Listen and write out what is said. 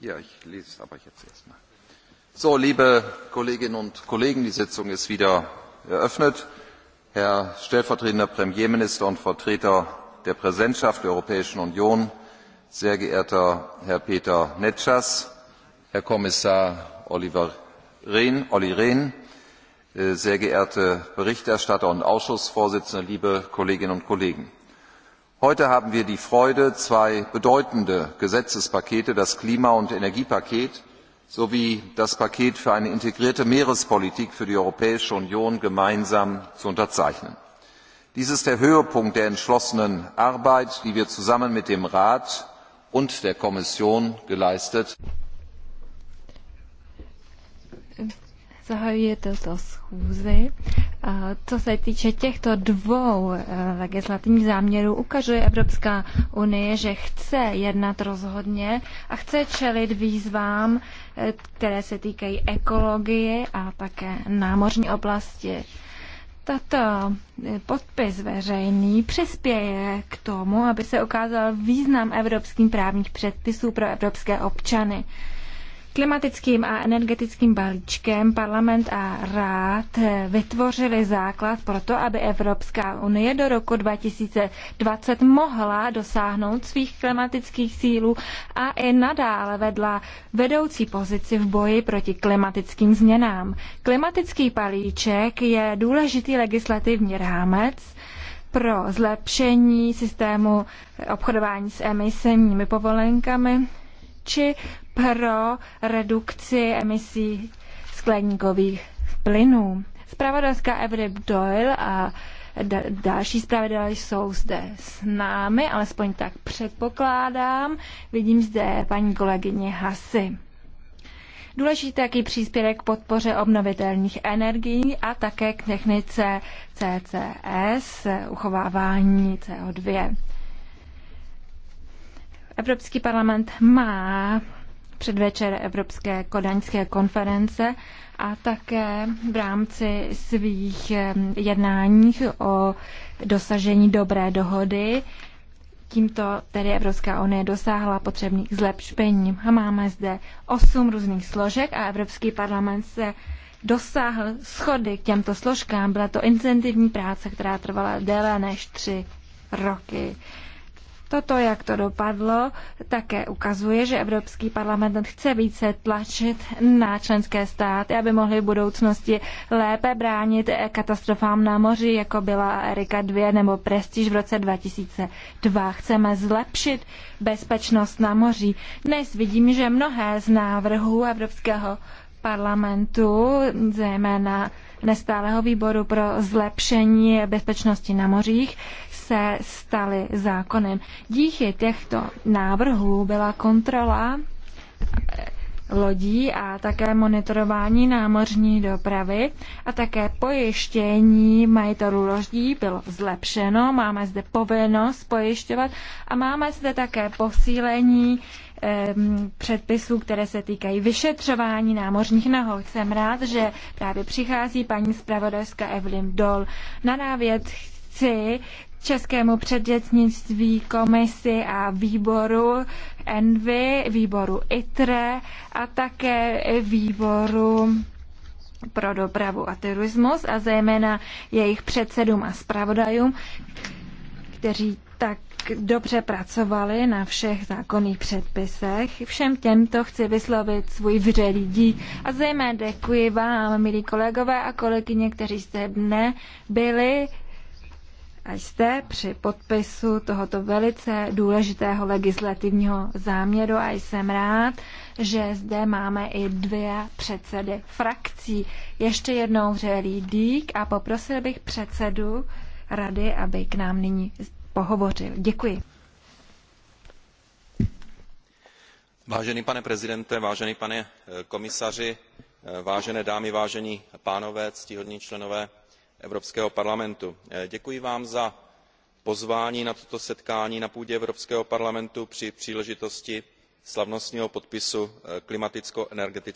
Ja, ich lese es aber jetzt erstmal. So, liebe Kolleginnen und Kollegen, die Sitzung ist wieder eröffnet. Herr stellvertretender Premierminister und Vertreter der Präsidentschaft der Europäischen Union, sehr geehrter Herr Peter Netschas, Herr Kommissar Oliver Rehn, Olli Rehn, äh, sehr geehrte Berichterstatter und Ausschussvorsitzende, liebe Kolleginnen und Kollegen! heute haben wir die freude zwei bedeutende gesetzespakete das klima und energiepaket sowie das paket für eine integrierte meerespolitik für die europäische union gemeinsam zu unterzeichnen. dies ist der höhepunkt der entschlossenen arbeit die wir zusammen mit dem rat und der kommission geleistet Zahajuje co se týče těchto dvou eh, legislativních záměrů, ukazuje Evropská unie, že chce jednat rozhodně a chce čelit výzvám, eh, které se týkají ekologie a také námořní oblasti. Tato eh, podpis veřejný přispěje k tomu, aby se ukázal význam evropských právních předpisů pro evropské občany. Klimatickým a energetickým balíčkem parlament a rád vytvořili základ pro to, aby Evropská unie do roku 2020 mohla dosáhnout svých klimatických cílů a i nadále vedla vedoucí pozici v boji proti klimatickým změnám. Klimatický palíček je důležitý legislativní rámec, pro zlepšení systému obchodování s emisními povolenkami či pro redukci emisí skleníkových plynů. Zpravodajská Evrip Doyle a další zpravodaj jsou zde s námi, alespoň tak předpokládám. Vidím zde paní kolegyně Hasy. Důležitý je příspěvek k podpoře obnovitelných energií a také k technice CCS, uchovávání CO2. Evropský parlament má předvečer Evropské kodaňské konference a také v rámci svých jednáních o dosažení dobré dohody. Tímto tedy Evropská unie dosáhla potřebných zlepšení. A máme zde osm různých složek a Evropský parlament se dosáhl schody k těmto složkám. Byla to incentivní práce, která trvala déle než tři roky. Toto, jak to dopadlo, také ukazuje, že Evropský parlament chce více tlačit na členské státy, aby mohly v budoucnosti lépe bránit katastrofám na moři, jako byla Erika 2 nebo Prestiž v roce 2002. Chceme zlepšit bezpečnost na moři. Dnes vidím, že mnohé z návrhů Evropského parlamentu, zejména nestálého výboru pro zlepšení bezpečnosti na mořích, se staly zákonem. Díky těchto návrhů byla kontrola lodí a také monitorování námořní dopravy a také pojištění majitelů lodí bylo zlepšeno. Máme zde povinnost pojišťovat a máme zde také posílení předpisů, které se týkají vyšetřování námořních nehod. Jsem rád, že právě přichází paní zpravodajská Evelyn Dol. Na návěd chci českému předsednictví komisi a výboru ENVY, výboru ITRE a také výboru pro dopravu a turismus a zejména jejich předsedům a zpravodajům, kteří tak dobře pracovali na všech zákonných předpisech. Všem těmto chci vyslovit svůj vřelý dík a zejména děkuji vám, milí kolegové a kolegyně, kteří jste dne byli a jste při podpisu tohoto velice důležitého legislativního záměru a jsem rád, že zde máme i dvě předsedy frakcí. Ještě jednou vřelý dík a poprosil bych předsedu rady, aby k nám nyní pohovořil. Děkuji. Vážený pane prezidente, vážený pane eh, komisaři, eh, vážené dámy, vážení pánové, ctihodní členové evropského parlamentu. Eh, děkuji vám za pozvání na toto setkání na půdě evropského parlamentu při příležitosti slavnostního podpisu eh, klimaticko energetické dohody.